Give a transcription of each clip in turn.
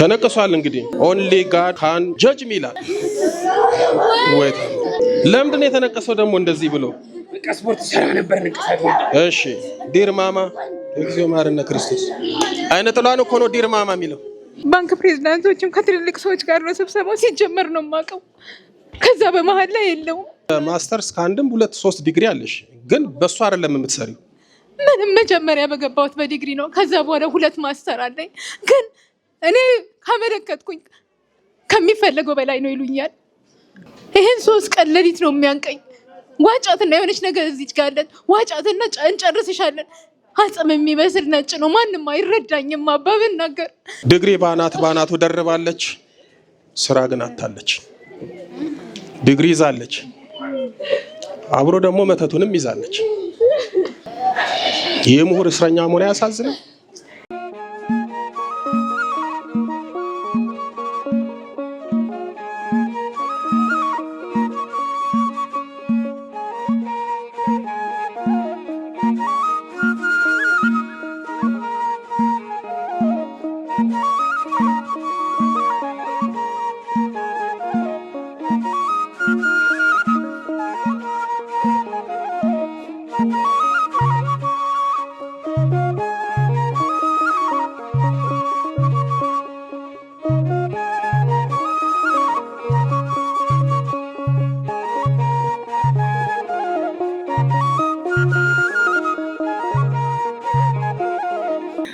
ተነቅሷል። እንግዲህ ኦንሊ ጋድ ካን ጀጅ ሚላል ወይ ለምንድን ነው የተነቀሰው? ደግሞ እንደዚህ ብሎ ስፖርት ሰራ ነበር። እሺ ዲር ማማ እግዚኦ ማርነ ክርስቶስ አይነ ጥሏን እኮ ነው ዲር ማማ የሚለው። ባንክ ፕሬዚዳንቶችም ከትልልቅ ሰዎች ጋር ነው ስብሰባው ሲጀመር ነው የማውቀው። ከዛ በመሀል ላይ የለውም። ማስተርስ ከአንድም ሁለት ሶስት ዲግሪ አለሽ፣ ግን በእሱ አይደለም የምትሰሪው። ምንም መጀመሪያ በገባሁት በዲግሪ ነው። ከዛ በኋላ ሁለት ማስተር አለኝ ግን እኔ ካመለከትኩኝ ከሚፈለገው በላይ ነው ይሉኛል። ይህን ሶስት ቀን ሌሊት ነው የሚያንቀኝ። ዋጫትና የሆነች ነገር እዚች ጋለን ዋጫትና እንጨርስሻለን። አጽም የሚመስል ነጭ ነው። ማንም አይረዳኝም። አባ ብናገር ድግሪ ባናት ባናቱ ደርባለች፣ ስራ ግን አታለች። ድግሪ ይዛለች፣ አብሮ ደግሞ መተቱንም ይዛለች። ይህ ምሁር እስረኛ መሆን ያሳዝነው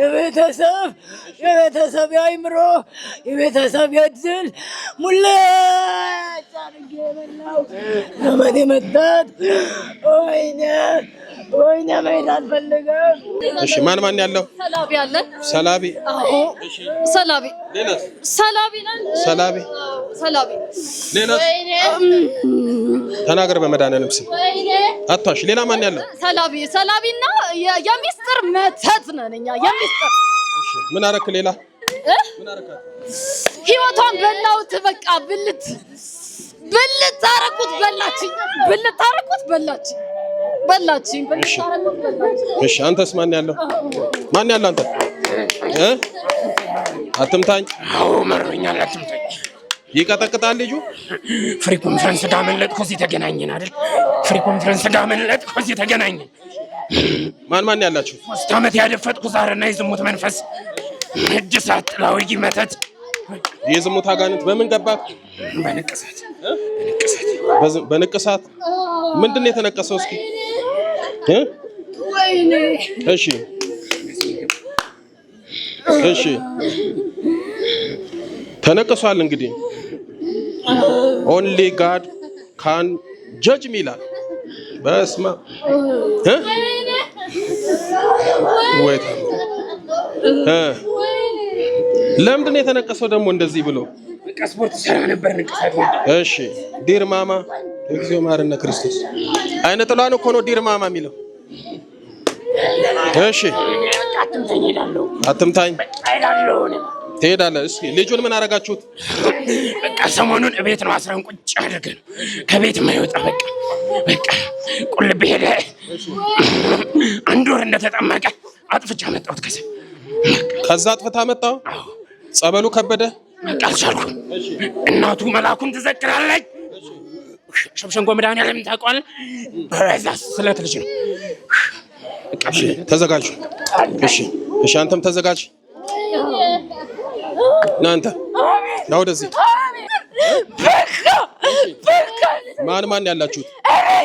የቤተሰብ የቤተሰብ የአይምሮ የቤተሰብ የድል ሙለጭ አድርጌ የበላው ዘመድ መጣት። ወይኔ ወይኔ መሄድ አልፈልገም። እሺ ማን ማን ያለው? ሰላቢ አለ። ሰላቢ ሰላቢ ሰላቢ ሰላቢ ሰላቢ ተናገር በመድኃኒዓለም ስም አቷሽ። ሌላ ማን ያለው? ሰላቢ ሰላቢና የሚስጥር መተት ነን እኛ ምን አረክ? ሌላ ህይወቷን በላሁት። በቃ ብልት ብልት አረኩት፣ በላችኝ። ብልት አረኩት፣ በላችኝ፣ በላችኝ። አንተስ ማን ያለው? ማን ያለው? አንተ እ አትምታኝ። አዎ መሮኛል፣ አትምታኝ። ይቀጠቅጣል ልጁ። ፍሪ ኮንፈረንስ ጋር መለጥኩ፣ እዚህ ተገናኘን አይደል? ፍሪ ኮንፈረንስ ጋር መለጥኩ፣ እዚህ ተገናኘን ማን ማን ያላችሁ? ሶስት ዓመት ያደፈጥኩ ዛርና የዝሙት መንፈስ እጅ ጥላዊ መተት የዝሙት አጋንንት በምን ገባ? በንቅሳት በንቅሳት። ምንድን ነው የተነቀሰው? እስኪ እሺ፣ እሺ፣ ተነቅሷል። እንግዲህ ኦንሊ ጋድ ካን ጀጅ ሚላል በስማ ለምንድን ነው የተነቀሰው ደግሞ እንደዚህ ብሎ? ስፖርት ሰራ ነበር። እሺ ዲር ማማ እግዚኦ መሐረነ ክርስቶስ። አይነ ጥሏን እኮ ነው ዲር ማማ የሚለው። እሺ አትምታኝ ትሄዳለ እስኪ ልጁን ምን አደረጋችሁት? በቃ ሰሞኑን እቤት ነው አስረን ቁጭ አድርገን ከቤት የማይወጣ በቃ በቃ ቁልብ ሄደ አንድ ወር እንደተጠመቀ አጥፍቻ መጣሁት። ከዛ ከዛ አጥፍታ መጣሁ። ጸበሉ ከበደ አልቻልኩም። እናቱ መላኩን ትዘክራለች። ሸብሸንጎ መድኃኒዓለም ታውቀዋለህ። በዛ ስለት ልጅ ነው። ተዘጋጁ። እሺ፣ እሺ። አንተም ተዘጋጅ። ናንተ ና ወደዚህ ማን ማን ያላችሁት?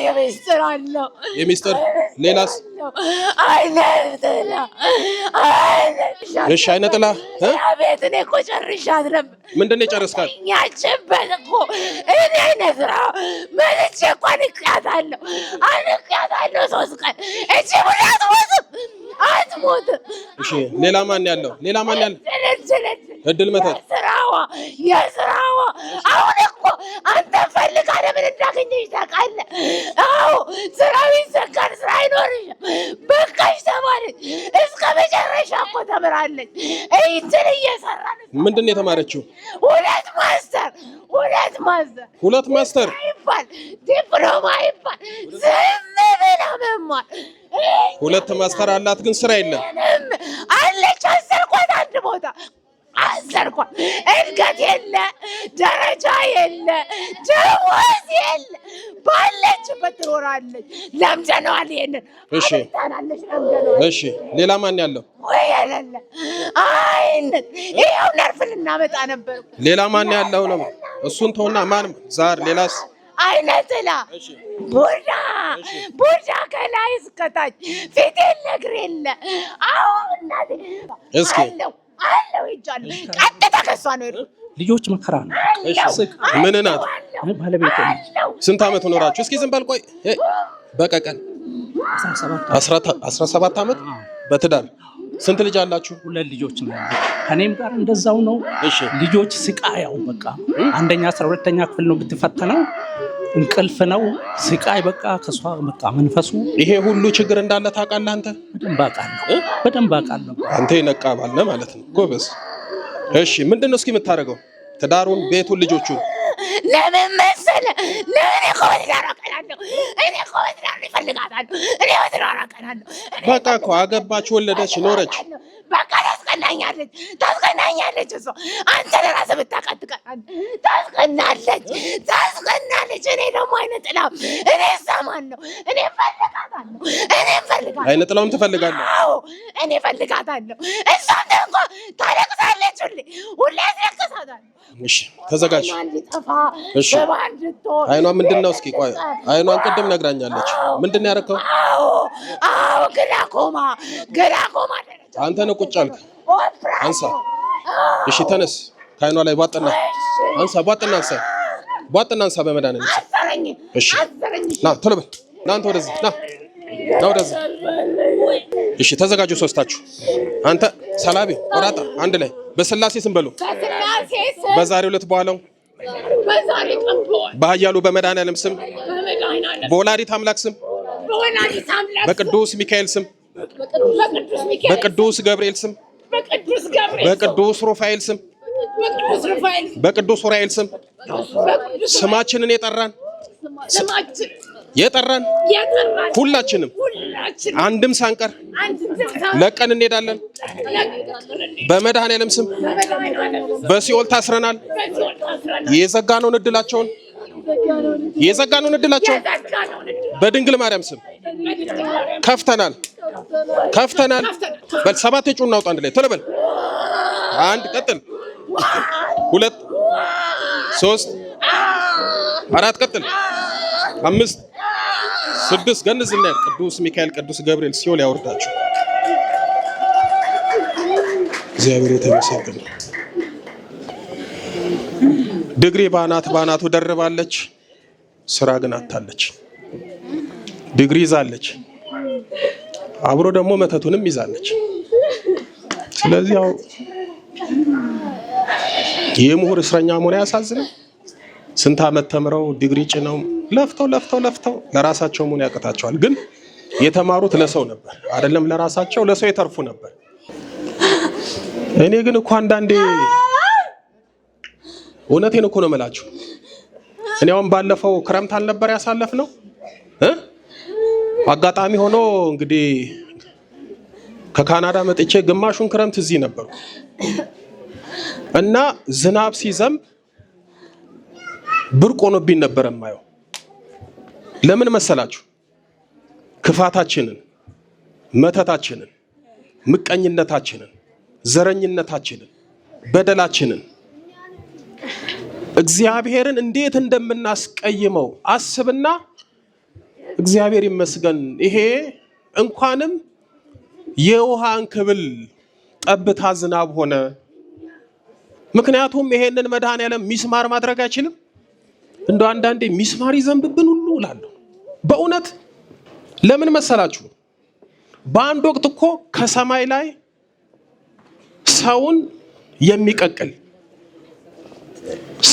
የሚስጥር አለው። የሚስጥር ሌላስ? አይነ ጥላ እሺ፣ አይነ ጥላ ቤት እኔ እኮ ጨርሻት ነበር። ምንድን ነው የጨረስካት? እኛችበት እኮ እኔ አይነ ስራ መልቼ እኮ አንቅያታለሁ፣ አንቅያታለሁ ሶስት ቀን እቺ ሙሉ አትሞትም፣ አትሞትም። እሺ፣ ሌላ ማን ያለው? ሌላ ማን ያለው? እድል መተት የስራዋ የስራዋ አሁን አንተ ፈልጋ ለምን እንዳገኘሽ ታውቃለህ? አዎ ስራው ይዘጋል፣ ስራ አይኖርሽም። በቃሽ ተባለች። እስከ መጨረሻ እኮ ተምራለች። እንትን እየሰራ ምንድን ነው የተማረችው? ሁለት ማስተር ሁለት ማስተር ሁለት ማስተር ይባል ዲፕሎማ ይባል ዝም ብላ መማር። ሁለት ማስተር አላት ግን ስራ የለም ተሰርቋል። እድገት የለ፣ ደረጃ የለ፣ ደወዝ የለ፣ ባለችበት ትኖራለች። ለምደነዋል። ይሄንን አታናለች እሺ፣ ሌላ ማን ያለው ወይ ያለለ አይነት ይኸው ነርፍ ልናመጣ ነበር። ሌላ ማን ያለው ነው? እሱን ተውና ማን ዛር ሌላስ አይነጥላ ቡዳ ቡዳ ከላይ እስከታች ፊት የለ እግር የለ። አዎ እናቴ አለው አለው ሄጃለሁ። ቀጥታ ከሷ ነው ልጆች መከራ ነው። ምን ናት ባለቤት? ስንት ዓመት ኖራችሁ? እስኪ ዝም በል ቆይ። በቀቀን አስራ ሰባት ዓመት በትዳር ስንት ልጅ አላችሁ? ሁለት ልጆች ነው። ከኔም ጋር እንደዛው ነው። ልጆች ስቃ ያው በቃ አንደኛ አስራ ሁለተኛ ክፍል ነው ብትፈተነው እንቅልፍ ነው ስቃይ፣ በቃ ከሷ መጣ መንፈሱ ይሄ ሁሉ ችግር እንዳለ ታውቃለህ አንተ? በደንብ አውቃለሁ፣ በደንብ አውቃለሁ። አንተ የነቃ ባለ ማለት ነው። ጎበዝ። እሺ ምንድን ነው እስኪ የምታደርገው? ትዳሩን፣ ቤቱን፣ ልጆቹን ለምን መሰለ ለምን እኮ በትዳር እኔ እኮ በትዳር እፈልጋታለሁ። እኔ በትዳር አቀናለሁ። በቃ እኮ አገባች፣ ወለደች፣ ኖረች። በቃ ታስቀናኛለች ታስቀናኛለች። እሷ አንተ ለራስህ ብታቃጥቃት ታስቀናለች ታስቀናለች። እኔ ደግሞ አይነ እኔ ሰማን ነው እኔ ፈልጋታለሁ እኔ ፈልጋታለሁ። እኔ ፈልጋታለሁ። እሷም ደግሞ ታለቅሳለች። ሁሌ ሁሌ ያስለቅሳታል። ተዘጋጅ። አይኗ ምንድን ነው? እስኪ ቆይ አይኗን ቅድም ነግራኛለች። ምንድን ነው ያደረከው? አዎ አንተ ነው ቁጭ አልክ። አንሳ። እሺ ተነስ። ከአይኗ ላይ ቧጥና አንሳ። ቧጥና አንሳ። ቧጥና አንሳ። በመድኃኒዓለም እሺ። ና ቶሎ በል ና። አንተ ወደዚህ ና ና ወደዚህ። እሺ ተዘጋጁ ሶስታችሁ። አንተ ሰላቢ ወራጣ አንድ ላይ በስላሴ ስም በሉ። በዛሬው ዕለት በኋላው በኃያሉ በመድኃኒዓለም ስም በወላዲት አምላክ ስም በቅዱስ ሚካኤል ስም በቅዱስ ገብርኤል ስም በቅዱስ ገብርኤል በቅዱስ ሩፋኤል ስም በቅዱስ ሩፋኤል ስም ስማችንን የጠራን የጠራን ሁላችንም አንድም ሳንቀር ለቀን እንሄዳለን። በመድኃኔዓለም ስም በሲኦል ታስረናል። የዘጋነውን እድላቸውን የዘጋነውን እድላቸውን በድንግል ማርያም ስም ከፍተናል ከፍተናል። በል ሰባት የጩ እናውጣ አንድ ላይ ቶሎ በል። አንድ ቀጥል፣ ሁለት፣ ሶስት፣ አራት ቀጥል፣ አምስት፣ ስድስት ገንዝ እና ቅዱስ ሚካኤል ቅዱስ ገብርኤል ሲኦል ያወርዳችሁ። እግዚአብሔር የተመሰገነ። ድግሪ ባናት ባናቱ ደርባለች፣ ስራ ግን አታለች። ድግሪ ይዛለች አብሮ ደግሞ መተቱንም ይዛለች። ስለዚህ ያው ይህ ምሁር እስረኛ መሆን ያሳዝነ። ስንት ዓመት ተምረው ዲግሪ ጭነው ለፍተው ለፍተው ለፍተው ለራሳቸው መሆን ያቅታቸዋል። ግን የተማሩት ለሰው ነበር አይደለም፣ ለራሳቸው ለሰው የተርፉ ነበር። እኔ ግን እኮ አንዳንዴ እውነቴን እኮ ነው የምላችሁ። እኔ አሁን ባለፈው ክረምት አልነበር ያሳለፍ ነው አጋጣሚ ሆኖ እንግዲህ ከካናዳ መጥቼ ግማሹን ክረምት እዚህ ነበሩ እና ዝናብ ሲዘንብ ብርቅ ሆኖብኝ ነበረ የማየው። ለምን መሰላችሁ? ክፋታችንን፣ መተታችንን፣ ምቀኝነታችንን፣ ዘረኝነታችንን፣ በደላችንን እግዚአብሔርን እንዴት እንደምናስቀይመው አስብና እግዚአብሔር ይመስገን። ይሄ እንኳንም የውሃ እንክብል ጠብታ ዝናብ ሆነ። ምክንያቱም ይሄንን መድኃኔዓለም ሚስማር ማድረግ አይችልም። እንደ አንዳንዴ ሚስማር ይዘንብብን ሁሉ እላለሁ። በእውነት ለምን መሰላችሁ? በአንድ ወቅት እኮ ከሰማይ ላይ ሰውን የሚቀቅል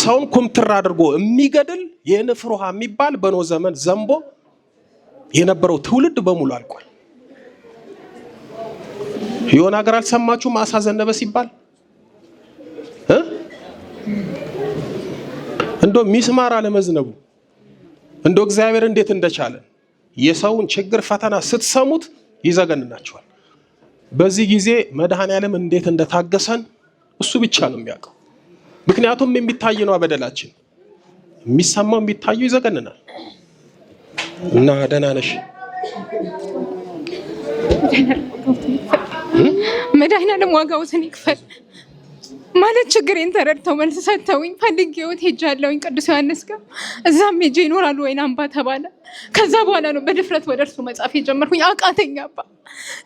ሰውን ኩምትር አድርጎ የሚገድል የንፍር ውሃ የሚባል በኖ ዘመን ዘንቦ የነበረው ትውልድ በሙሉ አልቋል። የሆነ ሀገር አልሰማችሁም? አሳ ዘነበ ሲባል እንዶ ሚስማር አለመዝነቡ እንዶ እግዚአብሔር እንዴት እንደቻለ የሰውን ችግር ፈተና ስትሰሙት ይዘገንናቸዋል። በዚህ ጊዜ መድኃኔዓለም እንዴት እንደታገሰን እሱ ብቻ ነው የሚያውቀው። ምክንያቱም የሚታይ ነው በደላችን፣ የሚሰማው የሚታየው ይዘገንናል። እና ደህና ነሽ? መድኃኒዓለም ዋጋዎትን ይክፈል ማለት ችግሬን ተረድተው መልስ ሰጥተውኝ ፈልጌዎት ሄጃለሁኝ ቅዱስ ዮሐንስ ጋር። እዛም ሄጄ ይኖራሉ ወይን አምባ ተባለ። ከዛ በኋላ ነው በድፍረት ወደ እርሱ መጻፍ የጀመርኩኝ። አቃተኝ አባ።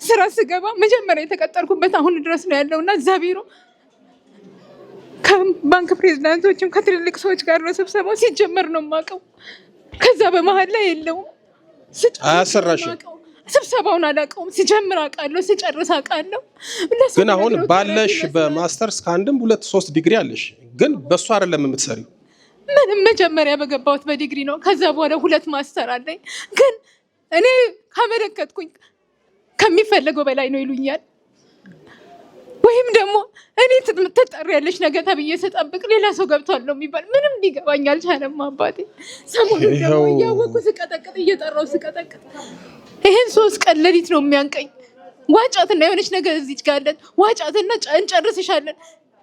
ስራ ስገባ መጀመሪያ የተቀጠርኩበት አሁን ድረስ ነው ያለውና እዛ ቢሮ ከባንክ ፕሬዚዳንቶችም ከትልልቅ ሰዎች ጋር ነው ስብሰባው ሲጀመር ነው የማውቀው። ከዛ በመሀል ላይ የለውም። አያሰራሽም። ስብሰባውን አላውቀውም። ሲጀምር አውቃለሁ፣ ሲጨርስ አውቃለሁ። ግን አሁን ባለሽ በማስተርስ ከአንድም ሁለት ሶስት ዲግሪ አለሽ፣ ግን በእሱ አይደለም የምትሰሪው። ምንም መጀመሪያ በገባሁት በዲግሪ ነው። ከዛ በኋላ ሁለት ማስተር አለኝ። ግን እኔ ካመለከትኩኝ ከሚፈለገው በላይ ነው ይሉኛል። ወይም ደግሞ እኔ ያለች ነገ ተብዬ ስጠብቅ ሌላ ሰው ገብቷል ነው የሚባል። ምንም ሊገባኝ አልቻለም አባቴ። ሰሞኑን ደግሞ እያወቁ ስቀጠቅጥ እየጠራው ስቀጠቅጥ ይህን ሶስት ቀን ሌሊት ነው የሚያንቀኝ። ዋጫትና የሆነች ነገር እዚች ጋለን ዋጫትና እንጨርስሻለን።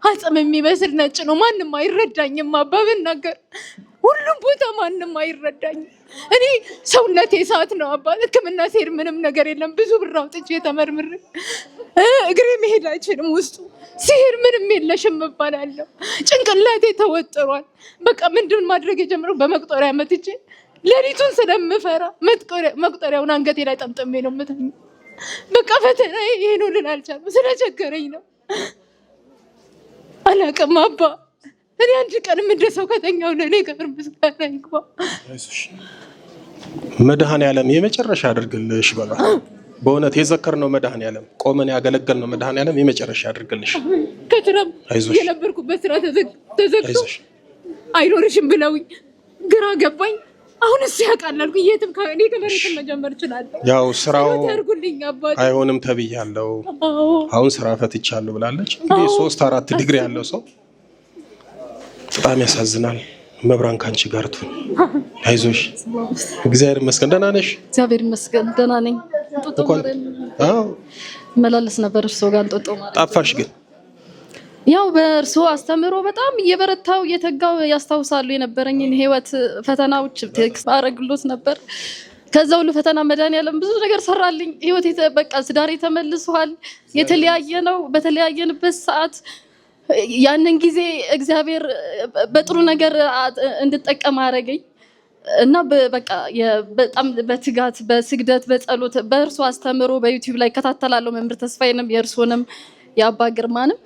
አጽም የሚመስል ነጭ ነው። ማንም አይረዳኝም አባ ብናገር ሁሉም ቦታ ማንም አይረዳኝም። እኔ ሰውነቴ ሰዓት ነው አባ። ሕክምና ሴር ምንም ነገር የለም። ብዙ ብር አውጥቼ ተመርምሬ እግሬ መሄድ አይችልም። ውስጡ ሲሄድ ምንም የለሽም እባላለሁ። ጭንቅላቴ ተወጥሯል። በቃ ምንድን ማድረግ የጀምረ በመቁጠሪያ መትቼ ሌሊቱን ስለምፈራ መቁጠሪያውን አንገቴ ላይ ጠምጠሜ ነው የምተኛው። በቃ ፈተና ይሄ ነው ልል ስለቸገረኝ ነው አላቅም። አባ እኔ አንድ ቀን የምደሰው ከተኛው ለእኔ ጋር ምስጋና ይግባ። መድኃኔዓለም የመጨረሻ አድርግልሽ በሏል በእውነት የዘከር ነው መድኃኔ ዓለም ቆመን ያገለገል ነው መድኃኔ ዓለም የመጨረሻ ያድርግልሽ። ከስራም የነበርኩበት ስራ ተዘግቶ አይኖርሽም ብለውኝ ግራ ገባኝ። አሁን እሱ ያውቃል አልኩኝ። የትም ከእኔ ከመሬትም መጀመር እችላለሁ። ያው ስራው አይሆንም ተብያለሁ። አሁን ስራ ፈትቻለሁ ብላለች። እንግዲህ ሶስት አራት ዲግሪ ያለው ሰው በጣም ያሳዝናል። መብራን ካንቺ ጋር ትሁን። አይዞሽ። እግዚአብሔር ይመስገን። ደህና ነሽ? እግዚአብሔር ይመስገን ደህና ነኝ። መላለስ ነበር እርሶ ጋር እንጦጦ ማለት ጠፋሽ። ግን ያው በእርሶ አስተምህሮ በጣም እየበረታው እየተጋው ያስታውሳሉ የነበረኝን ህይወት ፈተናዎች ቴክስት አረግሎት ነበር። ከዛ ሁሉ ፈተና መድኃኒዓለም ብዙ ነገር ሰራልኝ። ህይወት በቃ ስዳሬ ተመልሷል። የተለያየ ነው። በተለያየንበት ሰዓት ያንን ጊዜ እግዚአብሔር በጥሩ ነገር እንድጠቀም አረገኝ። እና በቃ በጣም በትጋት በስግደት በጸሎት በእርሱ አስተምሮ በዩቲዩብ ላይ እከታተላለሁ። መምህር ተስፋዬንም የእርሶንም የአባ ግርማንም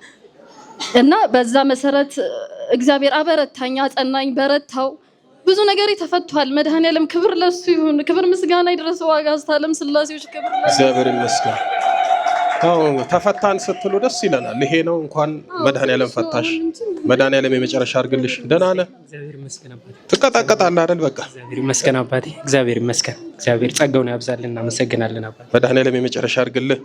እና በዛ መሰረት እግዚአብሔር አበረታኝ፣ አጸናኝ፣ በረታው። ብዙ ነገር ተፈቷል። መድኃኔዓለም ክብር ለሱ ይሁን። ክብር ምስጋና ይድረሰው። ዋጋ አስተዓለም ስላሴዎች ክብር እግዚአብሔር ይመስገን። ተፈታን ስትሉ ደስ ይለናል። ይሄ ነው እንኳን መድኃኔዓለም ፈታሽ። መድኃኔዓለም የመጨረሻ አድርግልሽ። ደህና ነህ? ትቀጣቀጣለህ አይደል? በቃ እግዚአብሔር ይመስገን አባቴ፣ እግዚአብሔር ይመስገን። እግዚአብሔር ጸጋውን ያብዛልን። እናመሰግናለን አባቴ። መድኃኔዓለም የመጨረሻ አድርግልህ።